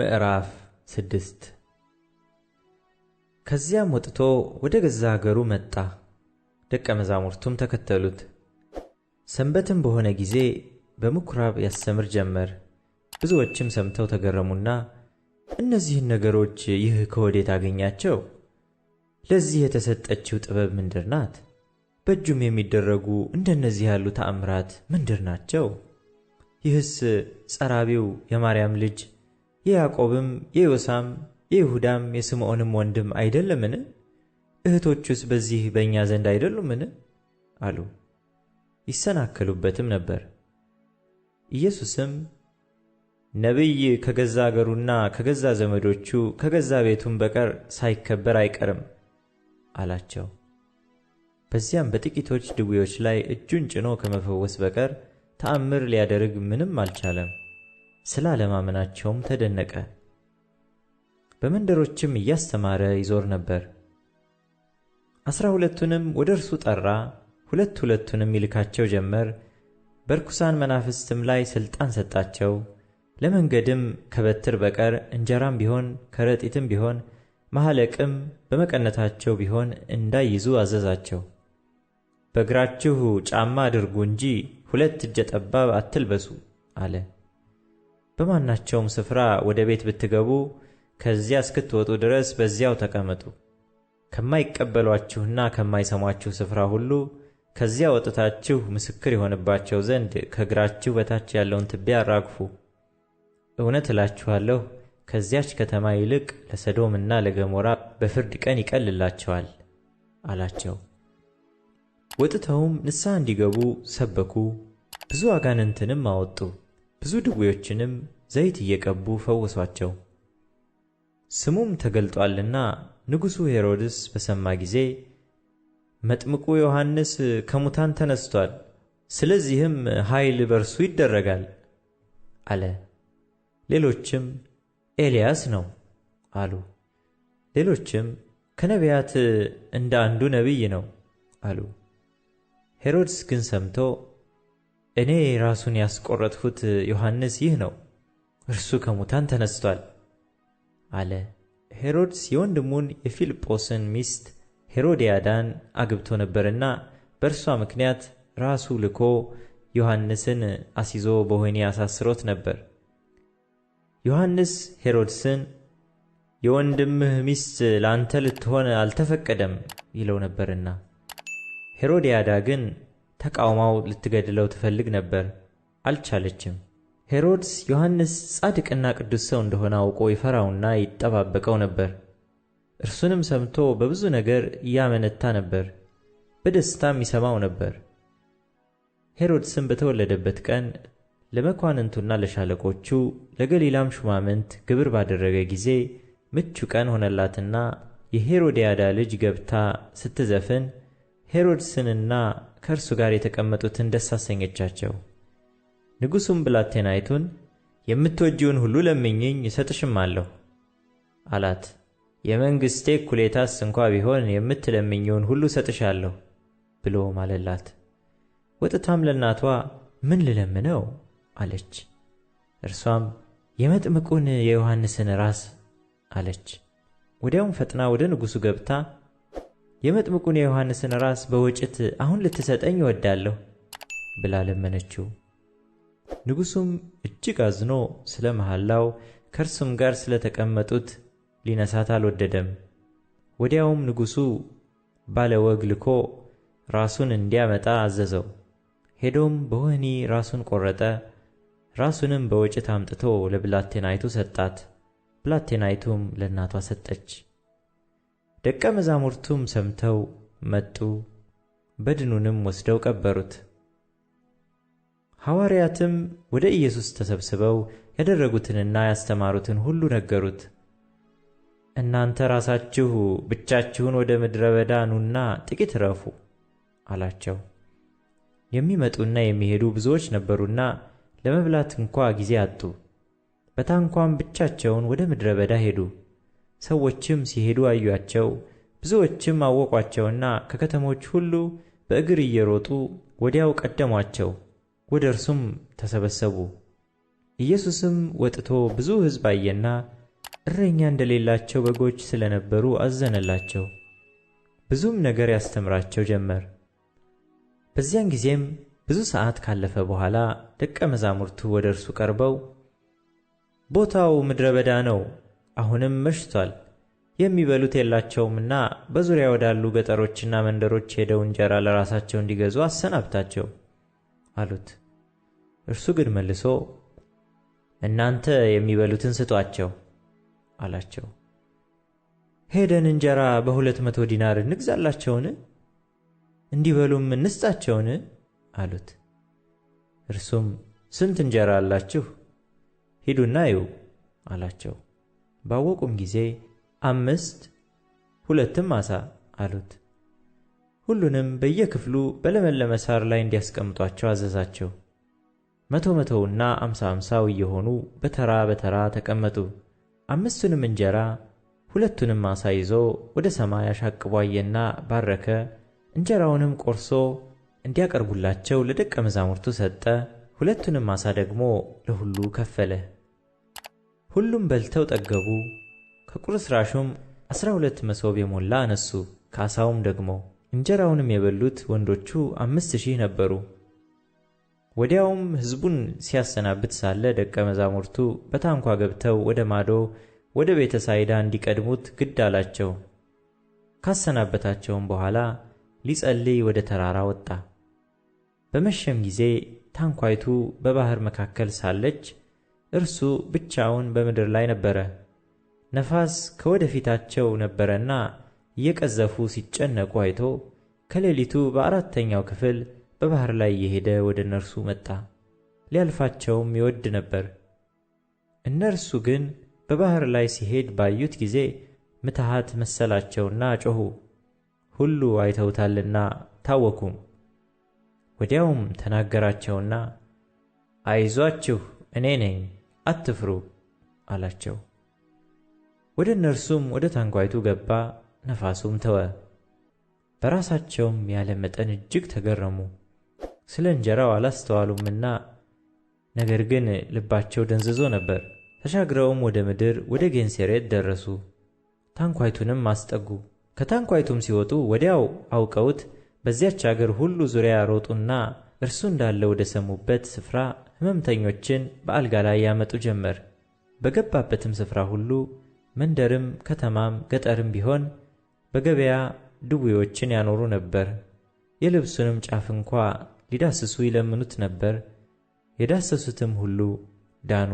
ምዕራፍ ስድስት ከዚያም ወጥቶ ወደ ገዛ አገሩ መጣ፣ ደቀ መዛሙርቱም ተከተሉት። ሰንበትም በሆነ ጊዜ በምኵራብ ያስተምር ጀመር። ብዙዎችም ሰምተው ተገረሙና እነዚህን ነገሮች ይህ ከወዴት አገኛቸው? ለዚህ የተሰጠችው ጥበብ ምንድር ናት? በእጁም የሚደረጉ እንደነዚህ ያሉ ተአምራት ምንድር ናቸው? ይህስ ጸራቢው የማርያም ልጅ የያዕቆብም የዮሳም የይሁዳም የስምዖንም ወንድም አይደለምን? እህቶቹስ በዚህ በእኛ ዘንድ አይደሉምን? አሉ። ይሰናከሉበትም ነበር። ኢየሱስም ነቢይ ከገዛ አገሩና ከገዛ ዘመዶቹ ከገዛ ቤቱም በቀር ሳይከበር አይቀርም አላቸው። በዚያም በጥቂቶች ድውዮች ላይ እጁን ጭኖ ከመፈወስ በቀር ተአምር ሊያደርግ ምንም አልቻለም። ስለ አለማመናቸውም ተደነቀ። በመንደሮችም እያስተማረ ይዞር ነበር። አስራ ሁለቱንም ወደ እርሱ ጠራ፣ ሁለት ሁለቱንም ይልካቸው ጀመር። በርኩሳን መናፍስትም ላይ ሥልጣን ሰጣቸው። ለመንገድም ከበትር በቀር እንጀራም ቢሆን ከረጢትም ቢሆን ማኅለቅም በመቀነታቸው ቢሆን እንዳይይዙ አዘዛቸው። በእግራችሁ ጫማ አድርጉ እንጂ ሁለት እጀ ጠባብ አትልበሱ አለ። በማናቸውም ስፍራ ወደ ቤት ብትገቡ ከዚያ እስክትወጡ ድረስ በዚያው ተቀመጡ። ከማይቀበሏችሁና ከማይሰሟችሁ ስፍራ ሁሉ ከዚያ ወጥታችሁ ምስክር የሆነባቸው ዘንድ ከእግራችሁ በታች ያለውን ትቢያ አራግፉ። እውነት እላችኋለሁ ከዚያች ከተማ ይልቅ ለሰዶምና ለገሞራ በፍርድ ቀን ይቀልላቸዋል አላቸው። ወጥተውም ንስሐ እንዲገቡ ሰበኩ፣ ብዙ አጋንንትንም አወጡ። ብዙ ድዌዎችንም ዘይት እየቀቡ ፈወሷቸው። ስሙም ተገልጧልና ንጉሡ ሄሮድስ በሰማ ጊዜ መጥምቁ ዮሐንስ ከሙታን ተነስቷል፣ ስለዚህም ኃይል በርሱ ይደረጋል አለ። ሌሎችም ኤልያስ ነው አሉ። ሌሎችም ከነቢያት እንደ አንዱ ነቢይ ነው አሉ። ሄሮድስ ግን ሰምቶ እኔ ራሱን ያስቆረጥሁት ዮሐንስ ይህ ነው፣ እርሱ ከሙታን ተነስቷል አለ። ሄሮድስ የወንድሙን የፊልጶስን ሚስት ሄሮድያዳን አግብቶ ነበርና በእርሷ ምክንያት ራሱ ልኮ ዮሐንስን አስይዞ በወህኒ አሳስሮት ነበር። ዮሐንስ ሄሮድስን የወንድምህ ሚስት ለአንተ ልትሆን አልተፈቀደም ይለው ነበርና ሄሮድያዳ ግን ተቃውማው ልትገድለው ትፈልግ ነበር፣ አልቻለችም። ሄሮድስ ዮሐንስ ጻድቅና ቅዱስ ሰው እንደሆነ አውቆ ይፈራውና ይጠባበቀው ነበር። እርሱንም ሰምቶ በብዙ ነገር ያመነታ ነበር፣ በደስታም ይሰማው ነበር። ሄሮድስም በተወለደበት ቀን ለመኳንንቱና ለሻለቆቹ ለገሊላም ሹማምንት ግብር ባደረገ ጊዜ ምቹ ቀን ሆነላትና የሄሮድያዳ ልጅ ገብታ ስትዘፍን ሄሮድስንና ከእርሱ ጋር የተቀመጡትን ደስ አሰኘቻቸው። ንጉሡም ብላቴናይቱን የምትወጂውን ሁሉ ለምኝኝ እሰጥሽማለሁ አላት። የመንግሥቴ እኩሌታስ እንኳ ቢሆን የምትለምኝውን ሁሉ እሰጥሻለሁ ብሎ ማለላት። ወጥታም ለእናቷ ምን ልለምነው አለች። እርሷም የመጥምቁን የዮሐንስን ራስ አለች። ወዲያውም ፈጥና ወደ ንጉሡ ገብታ የመጥምቁን የዮሐንስን ራስ በወጭት አሁን ልትሰጠኝ እወዳለሁ ብላ ለመነችው። ንጉሡም እጅግ አዝኖ ስለ መሐላው ከእርሱም ጋር ስለተቀመጡት ሊነሳት አልወደደም። ወዲያውም ንጉሡ ባለ ወግ ልኮ ራሱን እንዲያመጣ አዘዘው። ሄዶም በወህኒ ራሱን ቆረጠ። ራሱንም በወጭት አምጥቶ ለብላቴናይቱ ሰጣት። ብላቴናይቱም ለእናቷ ሰጠች። ደቀ መዛሙርቱም ሰምተው መጡ፣ በድኑንም ወስደው ቀበሩት። ሐዋርያትም ወደ ኢየሱስ ተሰብስበው ያደረጉትንና ያስተማሩትን ሁሉ ነገሩት። እናንተ ራሳችሁ ብቻችሁን ወደ ምድረ በዳ ኑና ጥቂት ረፉ አላቸው። የሚመጡና የሚሄዱ ብዙዎች ነበሩና ለመብላት እንኳ ጊዜ አጡ። በታንኳም ብቻቸውን ወደ ምድረ በዳ ሄዱ። ሰዎችም ሲሄዱ አዩአቸው። ብዙዎችም አወቋቸውና ከከተሞች ሁሉ በእግር እየሮጡ ወዲያው ቀደሟቸው፣ ወደ እርሱም ተሰበሰቡ። ኢየሱስም ወጥቶ ብዙ ሕዝብ አየና እረኛ እንደሌላቸው በጎች ስለነበሩ አዘነላቸው። ብዙም ነገር ያስተምራቸው ጀመር። በዚያን ጊዜም ብዙ ሰዓት ካለፈ በኋላ ደቀ መዛሙርቱ ወደ እርሱ ቀርበው ቦታው ምድረ በዳ ነው አሁንም መሽቷል፣ የሚበሉት የላቸውምና በዙሪያ ወዳሉ ገጠሮችና መንደሮች ሄደው እንጀራ ለራሳቸው እንዲገዙ አሰናብታቸው አሉት። እርሱ ግን መልሶ እናንተ የሚበሉትን ስጧቸው አላቸው። ሄደን እንጀራ በሁለት መቶ ዲናር እንግዛላቸውን? እንዲበሉም እንስጣቸውን? አሉት። እርሱም ስንት እንጀራ አላችሁ? ሂዱና እዩ አላቸው። ባወቁም ጊዜ አምስት ሁለትም ዓሣ አሉት። ሁሉንም በየክፍሉ በለመለመ ሣር ላይ እንዲያስቀምጧቸው አዘዛቸው። መቶ መቶውና አምሳ አምሳው እየሆኑ በተራ በተራ ተቀመጡ። አምስቱንም እንጀራ ሁለቱንም ዓሣ ይዞ ወደ ሰማይ አሻቅቦ አየና ባረከ። እንጀራውንም ቆርሶ እንዲያቀርቡላቸው ለደቀ መዛሙርቱ ሰጠ። ሁለቱንም ዓሣ ደግሞ ለሁሉ ከፈለ። ሁሉም በልተው ጠገቡ። ከቁርስራሹም አሥራ ሁለት መሶብ የሞላ አነሱ። ካሳውም ደግሞ እንጀራውንም የበሉት ወንዶቹ አምስት ሺህ ነበሩ። ወዲያውም ሕዝቡን ሲያሰናብት ሳለ ደቀ መዛሙርቱ በታንኳ ገብተው ወደ ማዶ ወደ ቤተ ሳይዳ እንዲቀድሙት ግድ አላቸው። ካሰናበታቸውም በኋላ ሊጸልይ ወደ ተራራ ወጣ። በመሸም ጊዜ ታንኳይቱ በባሕር መካከል ሳለች እርሱ ብቻውን በምድር ላይ ነበረ። ነፋስ ከወደፊታቸው ነበረና እየቀዘፉ ሲጨነቁ አይቶ ከሌሊቱ በአራተኛው ክፍል በባሕር ላይ እየሄደ ወደ እነርሱ መጣ። ሊያልፋቸውም ይወድ ነበር። እነርሱ ግን በባሕር ላይ ሲሄድ ባዩት ጊዜ ምትሃት መሰላቸውና ጮኹ፣ ሁሉ አይተውታልና ታወኩም። ወዲያውም ተናገራቸውና አይዟችሁ እኔ ነኝ አትፍሩ አላቸው። ወደ እነርሱም ወደ ታንኳይቱ ገባ፣ ነፋሱም ተወ። በራሳቸውም ያለ መጠን እጅግ ተገረሙ፣ ስለ እንጀራው አላስተዋሉምና። ነገር ግን ልባቸው ደንዝዞ ነበር። ተሻግረውም ወደ ምድር ወደ ጌንሴሬት ደረሱ፣ ታንኳይቱንም አስጠጉ። ከታንኳይቱም ሲወጡ ወዲያው አውቀውት በዚያች አገር ሁሉ ዙሪያ ሮጡና እርሱ እንዳለ ወደ ሰሙበት ስፍራ ሕመምተኞችን በአልጋ ላይ ያመጡ ጀመር። በገባበትም ስፍራ ሁሉ መንደርም፣ ከተማም፣ ገጠርም ቢሆን በገበያ ድዌዎችን ያኖሩ ነበር። የልብሱንም ጫፍ እንኳ ሊዳስሱ ይለምኑት ነበር። የዳሰሱትም ሁሉ ዳኑ።